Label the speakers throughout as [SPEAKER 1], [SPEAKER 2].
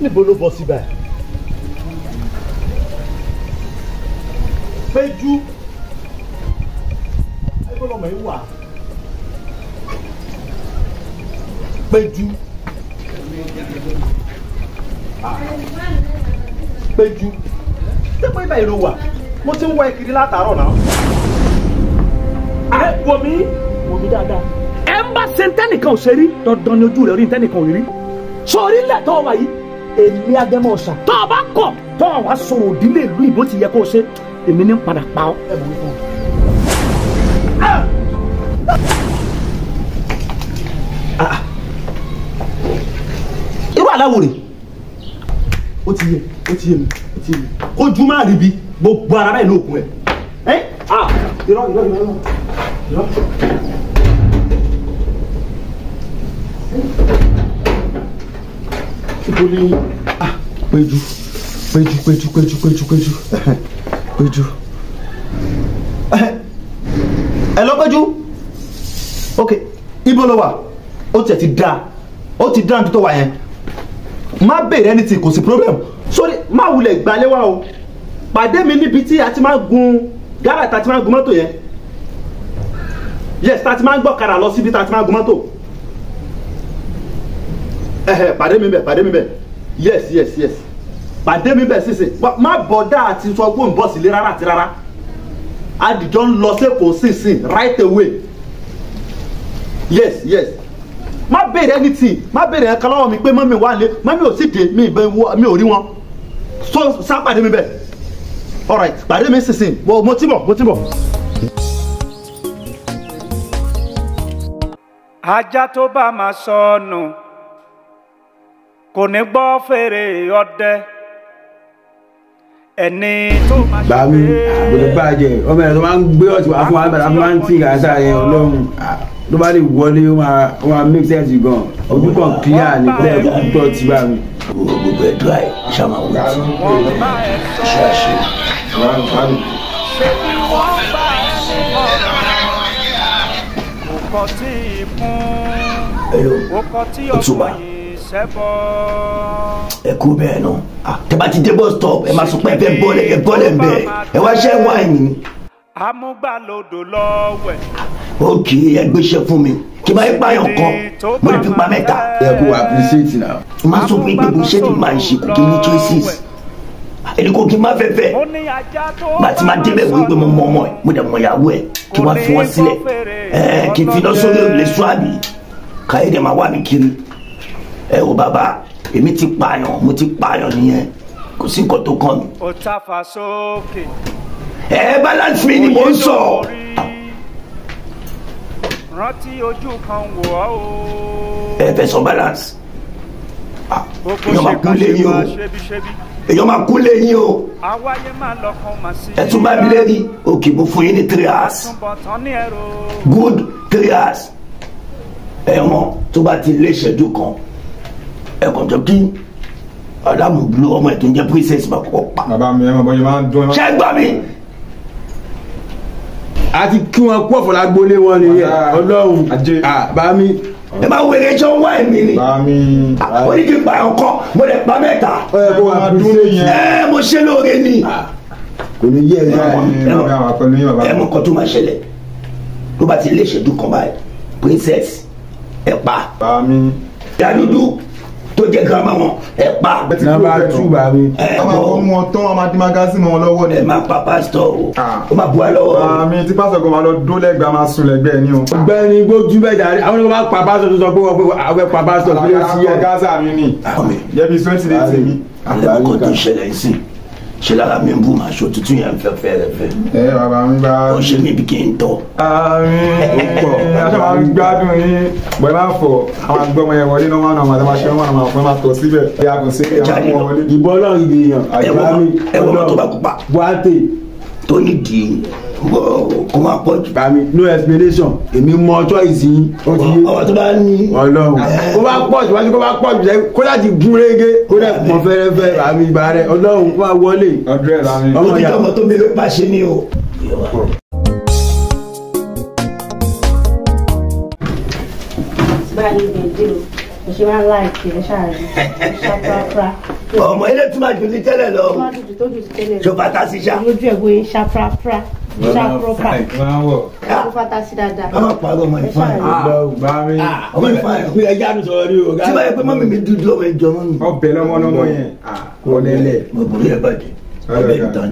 [SPEAKER 1] níbo ló bọ́ síbẹ̀ péjú ẹgbẹ́ ọmọ yìí wà péjú péjú dẹ́gbẹ́ ibà ìlú wà mo ti ń wá ekiri látàárọ̀ náà. ẹ wò mí wò mí dáadáa. ẹ ń bá ṣe ń tẹ́nìkan ò ṣe rí dandan ni ojú rẹ̀ rí ń tẹ́nìkan ò rí rí sórí lẹ́tọ̀ọ́ wa yìí èmi agẹmọ ọsà. tọ́ ọ bá kọ̀ tọ́ ọ wá sọ òdílé ìlú ìbò ti yẹ kó o ṣe èmi ní padà pa ọ. Ah, ah. irú aláwo rè ó ti yé ó ti yé mi ó ti yé mi kó ju máa rí bi gbogbo ara bẹ́ẹ̀ ló kún ẹ. Ah, irọ́ irọ́ irọ́ irọ́. níbo ni ah, péjú péjú péjú péjú péjú péjú péjú. ẹ eh, lọ péjú ok ibo ló wà ó tiẹ̀ ti dáa ó ti dáa nítorí tó yẹn má béèrè ẹni tí kò sí problem sórí má wulẹ̀ gbalẹ̀ wá o pàdé mi níbi tí a ti máa gun gáràtà ti máa gun mọ́tò yẹn yes ta ti máa gbọ́ kàrà lọ síbi ta ti máa gun mọ́tò ẹhẹ pàdé mi bẹ pàdé mi bẹ yes yes yes pàdé mi bẹ sísè má bọ̀dá àti sọ pé ń bọ̀ sílé rárá àti rárá adìjọ ń lọ sẹ́kọ̀ọ́ sínsìn right away yes yes má béèrè anything má béèrè ẹ̀ka lọ́wọ́ mi pé mọ́mí wà lé mọ́mí ò sì dé mi ò rí wọn so sá pàdé mi bẹ alright pàdé mi sísìn mo ti bọ̀ mo ti bọ̀. ajá tó bá máa sọ ọ́ nù. No kò ní gbọ́ fèrè ọdẹ ẹni tó máa ṣe pé. bàmí àbẹ̀lẹ̀ bàjẹ́ ọmọ ẹ̀ tó máa ń gbé ọ̀tí wá fún wa bàtà máa ń tì kàtà yẹn ọlọ́run ló bá lè wọlé ó máa make sense gan ojú kan clear ní bẹ́ẹ̀ kó tó ti bá mi. gbogbo ẹ̀ dry ṣàmà wọ́n ti ṣe àṣe wọn bá mi. Hello, Otuba ṣẹbọ. ẹ kú bẹ́ẹ̀ nù tẹ́ ti dé bus stop ẹ máa sọ pé ẹ fẹ́ ẹ bọ́lẹ̀ ń bẹ̀ ẹ wá ṣẹ́ wáìnì ni. amúgbàlódò lọ́wẹ̀. ok ẹ gbéṣẹ́ fún mi kí bá yẹ pààyàn kan mo lè fi mẹ́ta. ẹ kú appreciate na. má sọ fún ìgbẹ́gun ṣé ti máa ń ṣe kò kí ní choices èdè kò kí n má fẹ́ fẹ́ bá ti máa débẹ̀ wọ́n mo mọ ọmọ ẹ̀ mo dẹ̀ mọ ìyàwó ẹ̀ kí wọ́n fi wọ́n sílẹ̀ kí n fi lọ sórí òrùlé sùn àbí káyọ̀dẹ̀ máa wà mí kiri ẹ wo bàbá èmi ti pààyàn mo ti pààyàn nìyẹn kò sí nǹkan tó kàn mí.
[SPEAKER 2] o ta fa sókè. ẹ balance mi ni mò ń sọ.
[SPEAKER 1] rántí ojú kan wò ó. ẹ fẹ́ balance. èèyàn máa kú lé yín o èèyàn máa kú lé yín o. ẹ tún bá mi lérí òkè mo fún yín ní three hours good three hours ẹ̀wọ̀n tó bá ti lé ìṣẹ́jú kan ẹ̀kọ́ jọ kí adamu blue ọmọ ẹ̀ tó ń jẹ́ princess máa kọ́kọ́ pa. bàbá mi ẹ mọ bọ́jú máa ń dún ẹ. ṣé gbà mí. a ti kí wọn kú ọ̀fọ̀lá gbólé wọn ni ọlọ́run bàbá mi. ẹ máa wẹ̀rẹ̀ jọ wá ẹ̀mí ni. bàbá mi. ó ní kí n pa ọkọ mo lè pa mẹ́ta. ẹ kó wa dún ní yẹn. ẹ mo ṣe lóore ni. kò ní yẹ ẹ ẹ mọ nǹkan tó máa ṣẹlẹ̀ ló bá ti lé ìṣẹ́jú kan báyìí princess ẹ pa. bàbá mi. dadudu tó jẹ́ girama wọn ẹ pa àgbẹ̀tí tó fẹ́ tù bá mi. ẹ bọ ọmọ wọn tán wọn máa di magazine mọ wọn lọ́wọ́ ni. ẹ máa pa pásítọ̀ o ó máa bu wa lọ́wọ́. àmì tí pásítọ̀ kò máa lọ dó lẹ́gbẹ̀ẹ́ máa sùn lẹ́gbẹ̀ẹ́ ni o. gbẹ́ni gbójú bẹ́ẹ̀ jàre àwọn ènìyàn máa pa pásítọ̀ tó sọ pé wọ́n fẹ́ pa pásítọ̀ tó yẹ sí ẹ. àgbà ṣe l'a mi ń bú màá ṣo tuntun yẹn fẹ́ fẹ́ rẹ fẹ́. ẹ bàbá mi bá. ó ṣe mí bí kí n tọ. àmín púpọ̀ ṣé máa gbádùn yín bọ́lá fọ̀ àwọn agbọ́mọ yẹn wọlé náà wọn àwọn àtàwọn aṣẹ́ wọn àwọn àwọn máa tọ̀ síbẹ̀. ẹ yàgò sí ẹ máa wọ wọlé. ìbọn náà gbìyànjú àjálù ọdọ buhate. tó ní dìí kò máa pọ̀ jù. bami no explanation èmi mọ choice yín. ọwọ́ tó bá ní. Ọlọ́run kó bá pọ̀ jù wájú kó bá pọ̀ jù sẹ́yìn kó láti gún régé kó dẹ̀ mọ fẹ́rẹ́fẹ́ bami ibà rẹ Ọlọ́run kó bá wọlé. ọdún ẹ bami. ọmọ ìyá ọmọ tó mi ló pàṣẹ ni o.
[SPEAKER 3] báyìí bẹ̀ dé o ṣe máa ń láìpẹ́ ẹ ṣáàrin ṣàprápra. ọmọ ilé tí máa dùn ní tẹ́lẹ̀ lọ. tí máa dùn tó dùn tẹ́lẹ̀ lọ. ṣo bàtà sí ṣá. lójú ẹ̀ bóyá ṣàprápra ṣàprápra.
[SPEAKER 1] ṣàprápra
[SPEAKER 3] bàtà sí dáadáa. ọmọ
[SPEAKER 1] pàgọ́ ah, ah, ọmọ ìfà ẹ̀. ọgbà mi. ọmọ ìfà ẹ̀ kú ẹja àdùn sọ̀rọ̀ rí o. tí báyìí pé mọ́mí mi dúdú ọmọ ìjọ mọ́mí. ọbẹ̀ lọ́mọ lọ́mọ yẹn. ọlẹ́lẹ̀. Ah, mo borí ẹ bàjẹ́ ọbẹ̀ ìtàn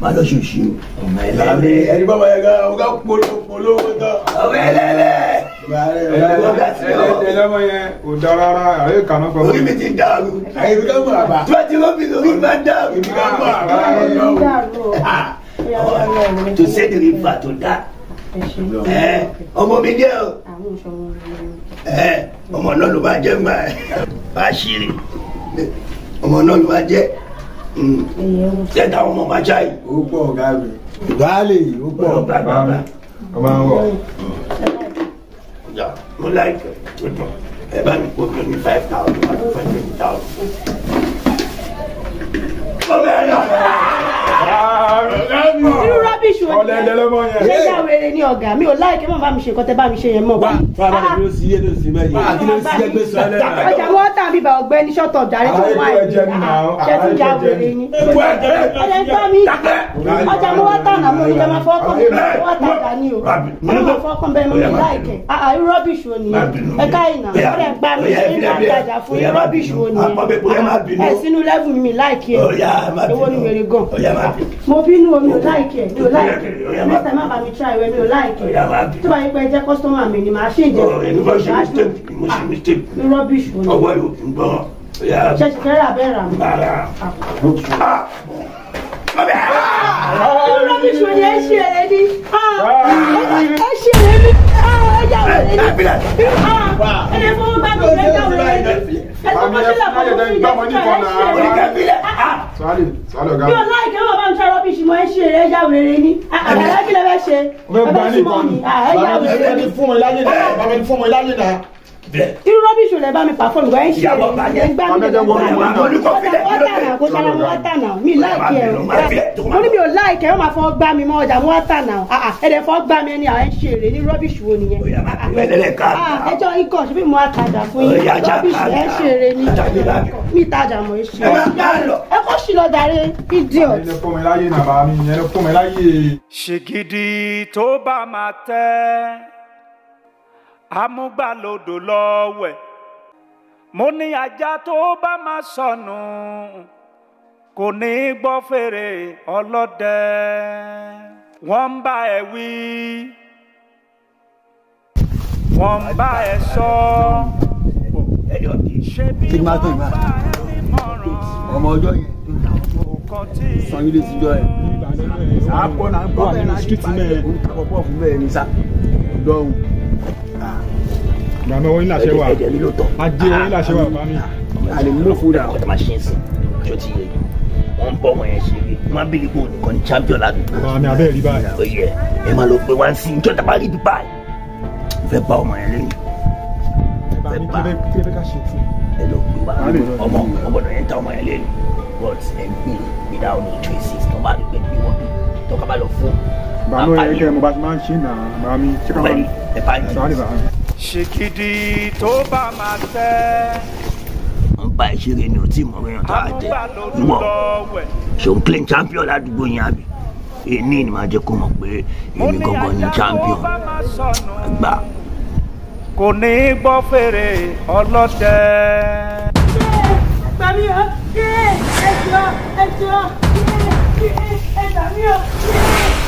[SPEAKER 1] ma lọ ṣoṣo. ọmọ ẹlẹ́lẹ̀. ẹni bá wà yẹ ká ọgá polówó tán. ọmọ ẹlẹ́lẹ̀ ẹlẹ́dẹ̀ o yẹn ò da rárá àyè kànú pọ̀. orí mi ti dàrú. àyèmí ká mọ̀ àbá. tí wọ́n ti rọ́ mi lórí máa dàrú. èmi ká mọ̀ àbá. tó sẹ́ni rí fa tó dá. ọmọ mi jẹ́ o. ọmọ náà ló máa jẹ́ gbà ẹ́. bá a ṣì rí ọmọ náà ló máa jẹ́. ẹ̀dá ọmọ máa já yìí. ó pọ̀ ọ̀gá mi. baálé yìí ó pọ̀ ọ̀gá mi. ọmọ àwọn. Like, even, tó dùn ẹ bá mi kó five thousand àti twenty thousand. ọmọ ẹ náà
[SPEAKER 2] irú rubbish wo ni ẹ ṣé ìyá
[SPEAKER 3] wèrè ni ọ̀gá mi ò láìké mọ̀ bá mi ṣe nǹkan tẹ́ bá mi ṣe yẹn
[SPEAKER 1] mọ̀. bá a bá lè dúró sí ilé lóṣù mẹ́rin àti lóṣù sí ẹgbẹ́ sọ ẹlẹ́rìí. ọjà
[SPEAKER 3] wọn tà bíbá ọ̀gbẹ́ni ṣọtọ ọdarí tó wà yìí ṣé tún já wèrè ni. ọjà ń tọ́ mi ọjà mo wá tànà mo ní jama fọ́ọ̀kàn mi wá tàdá ni o jama fọ́ọ̀kàn bẹ́ẹ̀ mo ní láìké ah, ah, irú rọ́bìṣì wo ni ẹ̀ka ìnà ọ̀rẹ́ gbá mi ṣe ń bá ìtajà fún irú rọ́bìṣì wo ni ẹ̀ sínú lẹ́fù mo bínú omi ò láìkẹ mi ò láìkẹ mẹ́ta má bàa mi tra ìwé mi ò láìkẹ tó bá yẹ pé ẹ jẹ́ kọ́sítọ́mà mi ni màá ṣe ìjẹ mo
[SPEAKER 1] ṣe mistake rubbish wo ni ọwọ́ yóò fi gbọ́ ṣẹ̀ṣẹ̀
[SPEAKER 3] fẹ́ rà bẹ́ẹ̀ rà mí. rubbish wo ni ẹ ṣe èrè
[SPEAKER 2] ni ẹ ṣe èrè ni ẹ yà
[SPEAKER 3] wọlé ni ẹ fọwọ́ gbàgbọ́ ẹ yà wọlé ni mami ẹ fún ayé dẹ gbọmọ níbọn náà. oníkẹ́bílẹ̀.
[SPEAKER 1] sọ́ọ́lì sọ́ọ́lì ọ̀gá. yóò
[SPEAKER 3] láì kẹ́ wọ́n bá ń tọ́ rọ́bìṣì mọ́ ẹ ṣe eré yàwó eré ní. àgbàlá kí lè fẹ́ ṣe.
[SPEAKER 1] ọbẹ̀ bá ní ìbọn ah, ni. bàbá
[SPEAKER 3] mi fún mi láyé náà irú rọ́bìṣì rẹ̀ bá mi pa fóònù wẹ́n ṣe é mi lè gbá mi ọ̀dà wọ́tànà kò ṣara wọ́tànà mi láìkì ẹ̀ mo ní mi ò láìkì ẹ̀ máa fọ́ gbá mi mọ́ ọ̀dà wọ́tànà ah, ah. ẹ̀dẹ̀ fọ́ gbá mi ẹni àwọn ṣe èrè ní rọ́bìṣì wo nìyẹn ah, ẹjọ́ ikọ̀ ṣe bí mo á fún yín rọ́bìṣì ẹ̀ ṣe ní mi tajà mọ̀ ẹ̀ ẹ kọ́ sí lọ dàrẹ́ idiot.
[SPEAKER 1] ṣègidì tó bá máa tẹ́ amúgbàlódò lọ́wẹ̀ mo ní ajá tó bá máa sọnù kò ní gbọ́ fèrè ọlọ́dẹ wọ́n ń bá ẹ wí wọ́n ń bá ẹ sọ ṣebí wọ́n bá ẹ nímọ̀ràn ọmọ ọjọ́ yẹn sanyi de ti jọ ẹ àpọ̀ náà ń bọ̀ bẹ́ẹ̀ náà ṣì bá ẹ kó kọ́ pọ̀ fún bẹ́ẹ̀ ní sá lọ́hùn gbàmẹ́ wọ́n ilà ṣe wà ẹ̀jẹ̀ lílo tọ̀ ajé wọ́n ilà ṣe wà ah, bá mi. Ah. mú fúra àwọn tó máa ṣe é sí tó ti yẹ wọ́n ń bọ̀ wọ́n yẹn ṣe é má bèèrè pé òní ní champion ládùúgbò. bàmí abẹ́ rí báyìí. ó yẹ ẹ máa lọ pé wá sí ìjọ tàbá rí bí báyìí fẹ́ bá ọmọ yẹn lẹ́yìn. ẹ lọ pé wá ọmọ ọgbọ̀dọ̀ yẹn ta ọmọ yẹn lẹ́yìn but ẹ gbé without any traces tó bá rí pé bí tó kábàlọ̀ fún.
[SPEAKER 3] bàmí ó kẹ́
[SPEAKER 1] mo bá ti máa ń ṣe é nà bàmí ṣé káwọn ẹ bá rí bàmí ṣèkìdì tó bá máa tẹ́. ń bá ìṣeré ni ò tí mọ̀ wíyàn tó àtẹ wọ̀ ṣòun clean champion ládùúgbò yẹn àbí èyí ni màá jẹ́ kó mọ̀ pé èmi gangan ni champion àgbà. kò ní í gbọ́ fèrè ọlọ́dẹ.
[SPEAKER 2] gbàmí ọ ṣé ẹjọ ẹjọ ṣé ẹjọ ẹjọ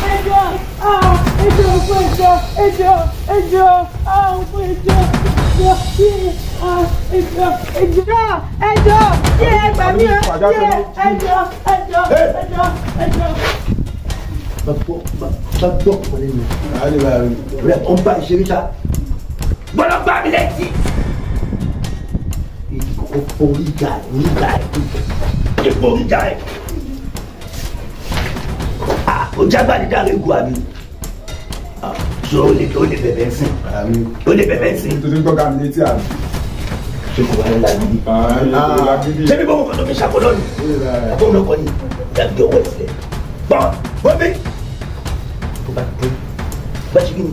[SPEAKER 2] ṣé ẹjọ ẹjọ́ fún ẹjọ́ ẹjọ́ ẹjọ́ àwọn fún ẹjọ́ ẹjọ́ yé ẹjọ́ ẹjọ́ ẹjọ́ yé ẹgbà mí ọ yé ẹjọ́ ẹjọ́ ẹjọ́ ẹjọ́.
[SPEAKER 1] Bàbá bàbá ọ̀pọ̀lẹ́ mi. Àlè bá rí. Rẹ̀ ọ̀n bá ìṣeré ta. Gbọ́dọ̀ gbá mi létí. Èdè kòkó orí ìjà ẹ̀ orí ìjà ẹ̀ èpo orí ìjà ẹ̀. Ó jágbá ní dáre ìgò àbí so ah, o lè o lè bẹ̀bẹ̀ nsìn o lè bẹ̀bẹ̀ nsìn. tuntun tó ga mi létí àná. ṣé kò wá ní lagidi. Ah, ah, ṣé bí bọ́mọ̀ kan tó fi ṣàkólọ́ ni àbọ̀ mi ọkọ ni dàbí ọwọ́ ìfẹ́ bọ́n bọ́n bí. tó bá dé bá ṣe kí ni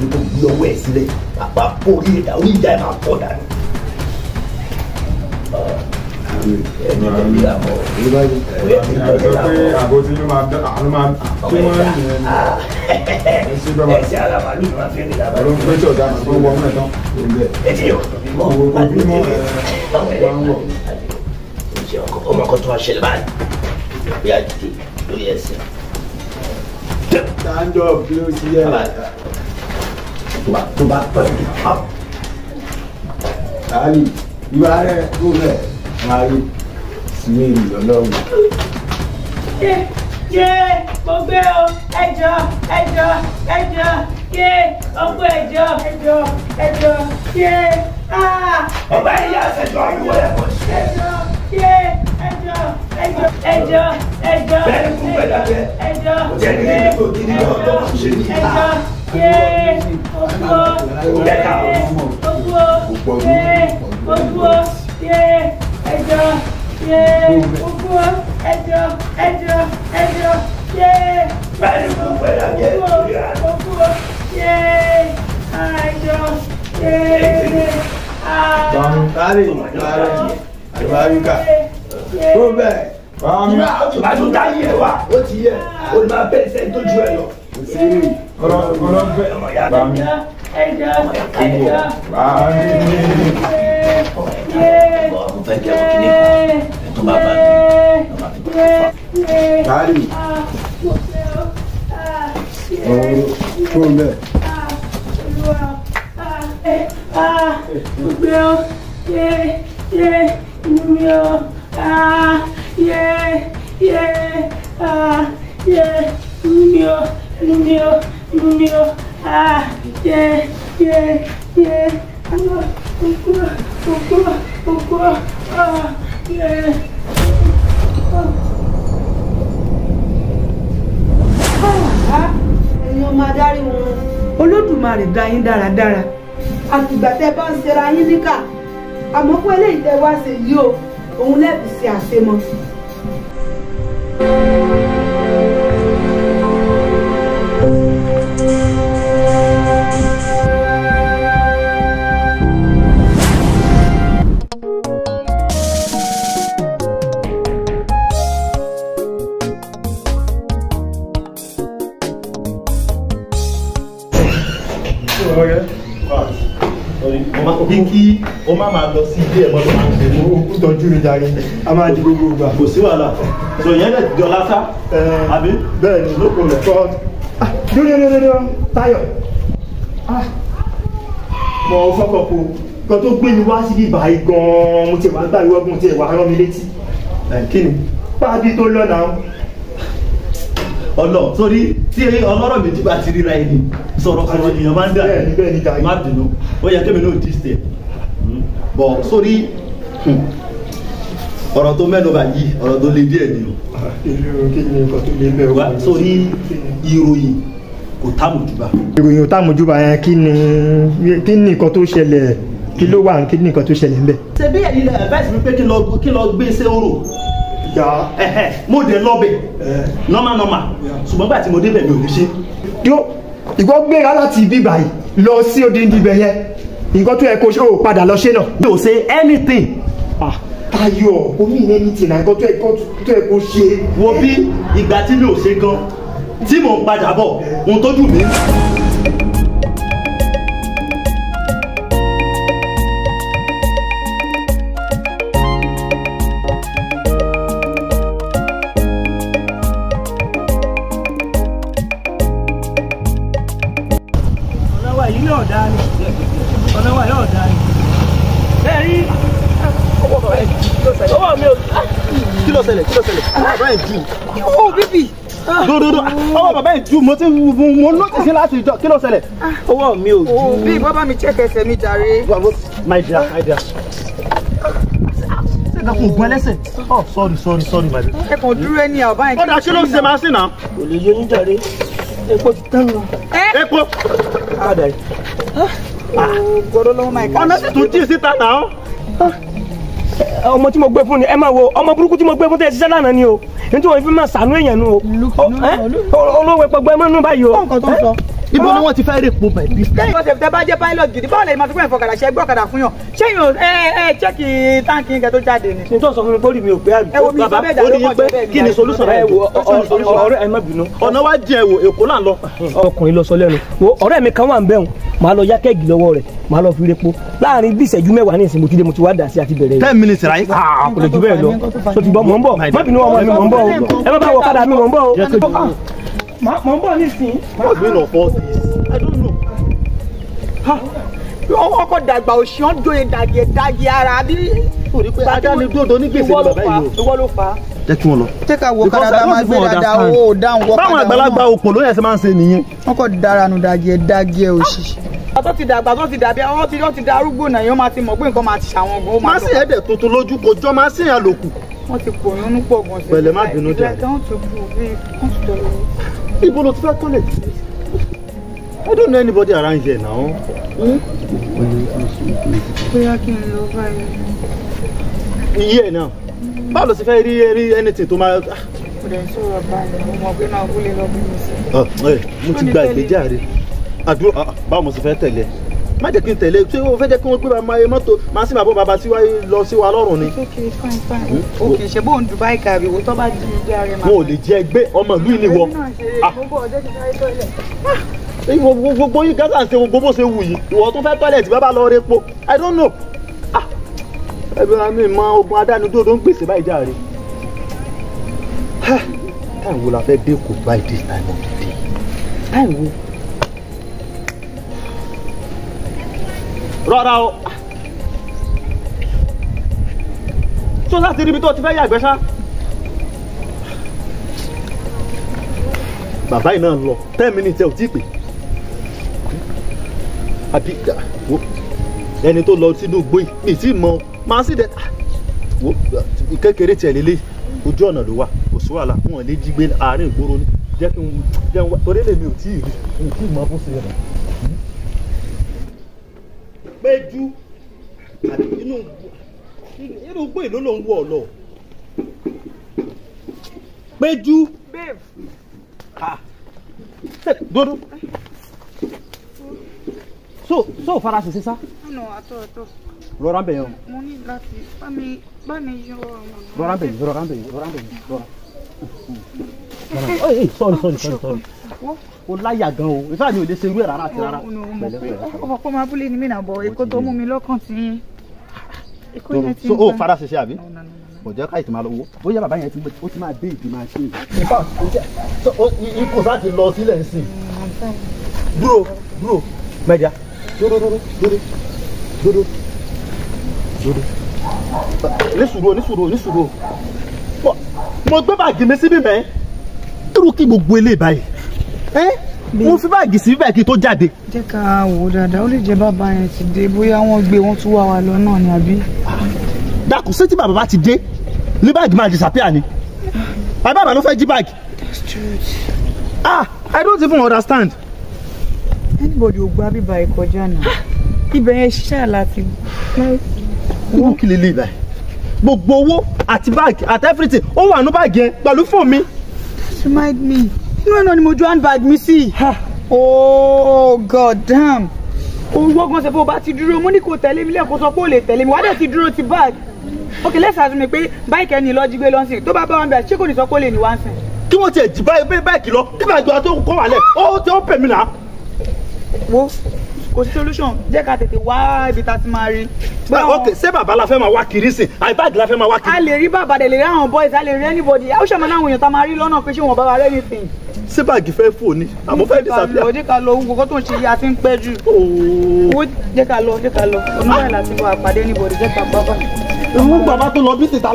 [SPEAKER 1] nítorí ọwọ́ ẹ̀ sílẹ̀ àpapọ̀ orí ìdá orí ìdá ẹ̀ máa pọ̀ dànù ẹni tẹ̀lé àmọ́ ìwé ìwé ìwé àmọ́. Ali, you are there, go mari smith lọ́lọ́run.
[SPEAKER 2] yé yé mo gbé o ẹjọ ẹjọ ẹjọ yé ọgbọ ẹjọ ẹjọ ẹjọ yé ọba yìí yà sẹjọ ìwé ẹkọ ṣe. ẹjọ yé ẹjọ ẹjọ ẹjọ ẹjọ bẹ́ẹ̀ni fún bẹ́ẹ̀ dábẹ ẹjọ jẹ ní ìlú yé ogbó yé ogbó yé ogbó yé ẹjọ́ yéé gbogbo ẹjọ́ ẹjọ́ ẹjọ́ yéé gbogbo gbogbo yéé ẹjọ́
[SPEAKER 1] yéé ààrẹ ààrẹ àlùbáríkà tó bẹ́ẹ̀ báwọn bàtú tá yé wa ó ti yẹ olùmọ̀ bẹ́ẹ̀ sẹ́ tó ju ẹ lọ. kọlọ kọlọ bẹ́ẹ̀ báwọn ẹjọ́ ẹjọ́ ẹjọ́. Pare.
[SPEAKER 2] Ouro, chumbe. Meu, ye, ye, meu, ah, ye, ẹ̀yin ọmọ
[SPEAKER 3] adarí wọn olódùmarè dá yín dáradára àtìgbà tẹ́ bá ń ṣera yín níkà àmọ́ pé eléyìí tẹ́ wá ṣe yìí o òun lẹ́bi ṣe àṣemọ
[SPEAKER 1] ó má máa lọ sí ilé ẹ̀mọ́ tó máa ń ṣe mú. ó tọ́jú mi jàre a máa di gbogbo ìgbà. kò sí wàhálà sọ yẹn lè jọ lásà. àbí bẹ́ẹ̀ ni ló kò lẹ̀. kọ́ dúdúdúdúdú Táyọ̀ mọ fọ́kọ̀ po kan tó gbé mi wá sí bíbá yìí gan-an mo ti wá gbà ìwọ́ gun ti wá rán mi létí. kí ni páàbí tó lọ́nà ọlọ sórí tí ọlọ́rọ̀ méjì bá ti ríra ẹni sọ̀rọ̀ sọ̀rọ̀ ènìyàn máa ń dà má bínú ó yẹ kébìnrin ò dí stẹ bọ̀ sórí hmm, ọ̀rọ̀ tó mẹ́nuba yìí ọ̀rọ̀ tó le díẹ̀ ni o wa sórí ìròyìn kò támùjúbà. ìròyìn ò támùjúbà yẹn kí ni kí ni nǹkan tó ṣẹlẹ̀ kí ló wà kí ni nǹkan tó ṣẹlẹ̀ ńbẹ̀. ṣe bí ẹ̀yin lẹ advice mi pé kí lọ kí lọ gbé e sẹ́wọ́rò mo dé lọ́bẹ̀ normal normal ṣùgbọ́n gbà tí mo débẹ̀ mi ò ní ṣe. yóò ìwọ gbéra láti ibi báyìí lọ sí odindi ibẹ̀ yẹn nǹkan tó yẹ kó ṣe ó padà lọ ṣe náà yóò ṣe anything. Táyọ̀ omi ìyẹn ní tìǹà nǹkan tó yẹ kó ṣe. wo bí ìgbà tí mi ò ṣe gan tí mò ń padà bọ̀ ohun tó dùn mí. ẹ̀ jù. yóò bíbí. Ah. dododo ọwọ́ bàbá ẹ̀ jù mo ti mo notice láti ìjọ kí ló ṣẹlẹ̀. Ah. ọwọ́ mi ò jù. òbí bàbá mi check ẹsẹ̀ mi jàre. my dear my dear kan kun gun ẹlẹsẹ oh sorry sorry sorry my dear. ẹ kàn dúró ẹni àbá yẹn. ọ̀dà ṣé ló ń ṣe máa ń sìn náà. kò lè yé níjàre epo ti tán lọ. epo. ọ̀dà yìí. Ah. Oh, oh, ọ̀nà tó jí síta náà ọmọ tí mo gbé fún ni ẹ máa wo ọmọ burúkú tí mo gbé fún tẹ ṣiṣẹ́ lánàá ni o nítorí wọn fi máa ṣàánú èèyàn nu o olówó ẹpọgbọ ẹ máa nú báyìí o ibo ni wọ́n ti fẹ́ rèpo by this time. lẹ́yìn ọ̀sẹ̀ tẹ bá jẹ́ pilot gidi
[SPEAKER 3] báwo lè máa fi fún ẹ̀fọ́ kàdà ṣe gbọ́ kàdà fún yàn ṣé yàn ẹ ẹ chẹ́kì táǹkì nǹkan tó jáde ni. n tó sọ fún
[SPEAKER 1] mi kórìí mi ò pé àmì. ẹ wo mi ìfẹ́ bẹ́ẹ̀ dà ló pọ̀ bẹ́ẹ̀ ni. kí ni solution rẹ wo ọ̀rẹ́ ẹ má bínú. ọ̀nà wa jẹ wo èkó náà lọ. ọkùnrin lọ sọ lẹ́nu ọ̀rẹ́ mi kan wà ń bẹ̀rù màá lọ yákẹ́gì lọ́wọ́ rẹ̀ màá lọ fi repo láàrin bí ìṣẹ́jú mẹ́wàá ní ìsìn mo mo ti wá dà sí àti bẹ̀rẹ̀ yìí. ten minutes ra ah, yín. kò lè ju bẹ́ẹ̀ lọ so ti bọ́ mọ̀ ń bọ̀ má bínú ọmọ mi mọ̀ ń bọ̀ ẹ má bá wọ kádà mi mọ̀ ń bọ̀ o. Ma, ma, ma, listen. What's going on for this? I don't know. Ha! Wọ́n kọ́ dàgbà òṣìṣẹ́ joyè dàgẹ̀ dàgẹ̀ ara bí. Torí pé ajá ni dòdò ní gbèsè ní bàbá yìí o. Ìwọ ló fa. Jẹ́ kí wọ́n lọ. Ṣé ká wo kádàdá máa gbé dáadáa o dáhùn wọ́n kádàdá náà? Báwọn àgbàlagbà oh. òpò ló yẹ ṣe máa ń ṣe nìyẹn. Wọ́n kọ́ daranu dàgẹ̀ dàgẹ̀ òṣì. Àtọ́ ah! ti dàgbà tó ti dàbí àwọn tí wọ́n ti darúgbó náà yóò máa ti mọ̀ pé nǹkan máa ti ṣàwọn gan. Má sì ẹ̀dẹ̀ tuntun lójú kò jọ má sì yàn lòkù. Wọ́n ti pòyàn nípò gan-an.
[SPEAKER 2] Pẹ̀lẹ́ má bínú jẹ́. Ìgbà tí wọ́n ti bù bí wọ́n ti dọ̀rọ̀
[SPEAKER 1] Ibo lo ti fẹ́ toilet? I don't know anybody around here now. Hmm?
[SPEAKER 2] Bóyá kí n lọ báyìí.
[SPEAKER 1] Iye náà. Báwo lo ti fẹ́ rí rí anything tó máa. Ah. Kò
[SPEAKER 3] dẹ̀ sọ̀rọ̀ báyìí, mo mọ̀ pé máa wúlé lọ bí mi
[SPEAKER 1] sí. Ah, eh, mo ti gba ìgbéjáde. Àdúrà ah, báwo mo ti fẹ́ tẹ̀lé? má jẹ́ kí n tẹ̀lé ṣé o fẹ́ jẹ́ kí wọ́n gbé bàbá ayé mọ́tò máa sì máa bọ́ bàbá síwáyé lọ sí lọ́rùn ni. ok ṣe bó ń dubai kàbí wo tó bá jí gbé ara rẹ. wọn ò lè jẹ gbé ọmọ ìlú ìní wọ. Ah. gbogbo yín gaza ṣe gbogbo bó ṣe wù yìí ìwọ tó fẹ́ tọ́lẹ̀tì bàbá lọ rẹ po i don't know. Ah. ẹbí wa mi mọ ogun adáni tó tó ń gbèsè báyìí járe. táìwo la fẹ́ dé kò báyìí this time of the day táìwo. rọra o tó sá ti ríbi tó ti fẹ́ yàgbẹ́ ṣá. bàbá yìí náà lọ ten minutes ẹ ò tí ì pè àbí wo ẹni tó lọ sínú igbó yìí mi sì mọ máa sì dẹ wo kékeré tiẹ̀ lélẹ̀ ojú ọ̀nà ló wà kò sí wàhálà wọn lè jí gbé àárín ìgboro ní jẹ́ kí n jẹ́ n wá torí lèmi ò tí ì rí mi ò tí ì mọ bó ṣe péjú àbí inú inú gbé ìlú ló ń wọ̀ lọ péjú. babe. ah dodo so so fara ṣe sísá.
[SPEAKER 2] ọ̀nà àtọ̀ àtọ̀. rọra ń bẹ̀ yẹn o. mo ní láti bá mi bá mi yọ ọmọ.
[SPEAKER 1] rọra ń bẹ̀ yẹn rọra ń bẹ̀ yẹn rọra bẹ̀ yẹn rọra. sorry sorry sorry sorry o láyà gan o ìfẹ́ mi ò lè ṣe irú ẹ̀ rárá àti rárá.
[SPEAKER 3] ọmọ kó máa búlé ni mí náà bọ̀ èkó tó mú mi lọ́kàn tí yín. so o fara
[SPEAKER 1] ṣiṣẹ́ àbí kò jẹ́ káyìí tó máa lọ wo bóyá bàbá yẹn ó ti máa dé ìdí máa ṣe é. ikú sá ti lọ sílẹ̀ ń sìn.
[SPEAKER 2] Mm,
[SPEAKER 1] dúró dúró mẹ́jà dúró dúró dúró dúró dúró ní sùúrù ní sùúrù ní sùúrù mo gbé bàgì mi síbí mẹ́ irú kí gbogbo eléyìí báyìí mo fi báàgì sí báyìí kí n tó jáde.
[SPEAKER 3] jẹ́ ká wò ó dáadáa ó lè jẹ́ bàbá yẹn
[SPEAKER 1] ti dé bóyá wọ́n gbé wọ́n tún wá wa lọ náà ni àbí. dákun ṣé tí bàbá bá ti dé ní báàgì máa disappear ni bàbá àbá ló fẹ́ jí báàgì. ah i don't even understand. anybody ò gba bíbá ẹ kọjá náà ah.
[SPEAKER 2] ibẹ̀ yẹn ṣiṣẹ́ láti.
[SPEAKER 1] wọ́n kì í lè lè báyìí gbogbo owó àti báàgì àti everything ó wà ní báàgì yẹn pẹ̀lú fóònù mi. remind me inú ẹ̀ náà ni mo ju handbag mi sí. oh god damn owó gan ṣe fún
[SPEAKER 3] ọba ti dúró mo ní kò tẹ̀lé mi lẹ́ẹ̀kọ́ sọ pé ò lè tẹ̀lé mi wá dẹ̀ ti dúró ti bag ok let's assume pé
[SPEAKER 1] báyìí ẹni lọ jí gbé lọ́sìn tó bá bá wọn bẹ̀ ṣé kò ní sọ pé ó lè ní wá ń sìn. kí wọ́n ti ẹ̀ jí báyìí lọ kí bàjọ́ tó kọ́ wà lẹ̀ ó ti ó pè mí nà. wo kò sí solution jẹ́ ká tètè wá ibi tá a ti máa rí. ok ṣé bàbá la fẹ́ máa wá kiri sìn àìbáàdì la fẹ́ máa wá kiri. a lè rí
[SPEAKER 3] bàbá dẹ̀ lè rí àwọn boys a lè rí anybody a ó ṣàmọ́ náà àwọn èèyàn tá a máa rí lọ́nà pé ṣé wọn bá anything. ṣé báàgì fẹ́ fò ni àmọ́ fẹ́ disappear. òde ká lọ ohun kòkó tó ń ṣe yá ti ń pẹ́ jù. owó jẹ́ ká lọ jẹ́ ká lọ oníwàlẹ̀ láti bọ̀ àpàdé anybody jẹ́ ká bàbá.
[SPEAKER 1] ìwú bàbá tó lọ bí tètè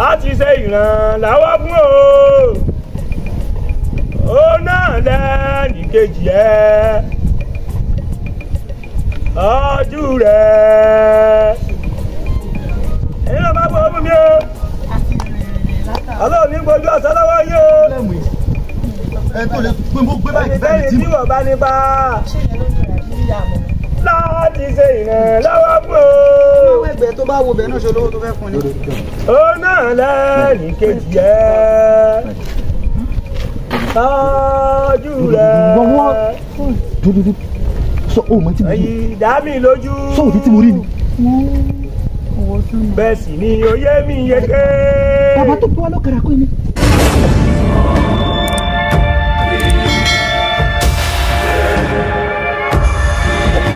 [SPEAKER 1] láti ṣe ìrànlọ́wọ́ fún o ó náà lẹ́nì kejì ẹ ojú rẹ ẹ̀yin náà bá gbọ́ ọmọ mi o ọlọ́run ní gbọ́jú ọ̀sán lọ́wọ́ yìí o ẹ tó lè gbé báyìí bẹ́ẹ̀ tí wọ́n bá ní bá láti ṣe ìrànlọ́wọ́ fún o. ọlọ́wọ́ ẹgbẹ́ tó bá wo bẹ́ẹ̀ náà ṣe olówó tó fẹ́ fún ni. ó náà lẹ́ẹ̀ni kejì ẹ̀ tọ́jú rẹ̀. sọ ohun mọ tí mo rí. ìdá mi lójú. sọ òfin tí mo rí ni. bẹ́ẹ̀ sì ni oyé mi yege. bàbá tó bọ́ ọlọ́kadà kọ́ ni.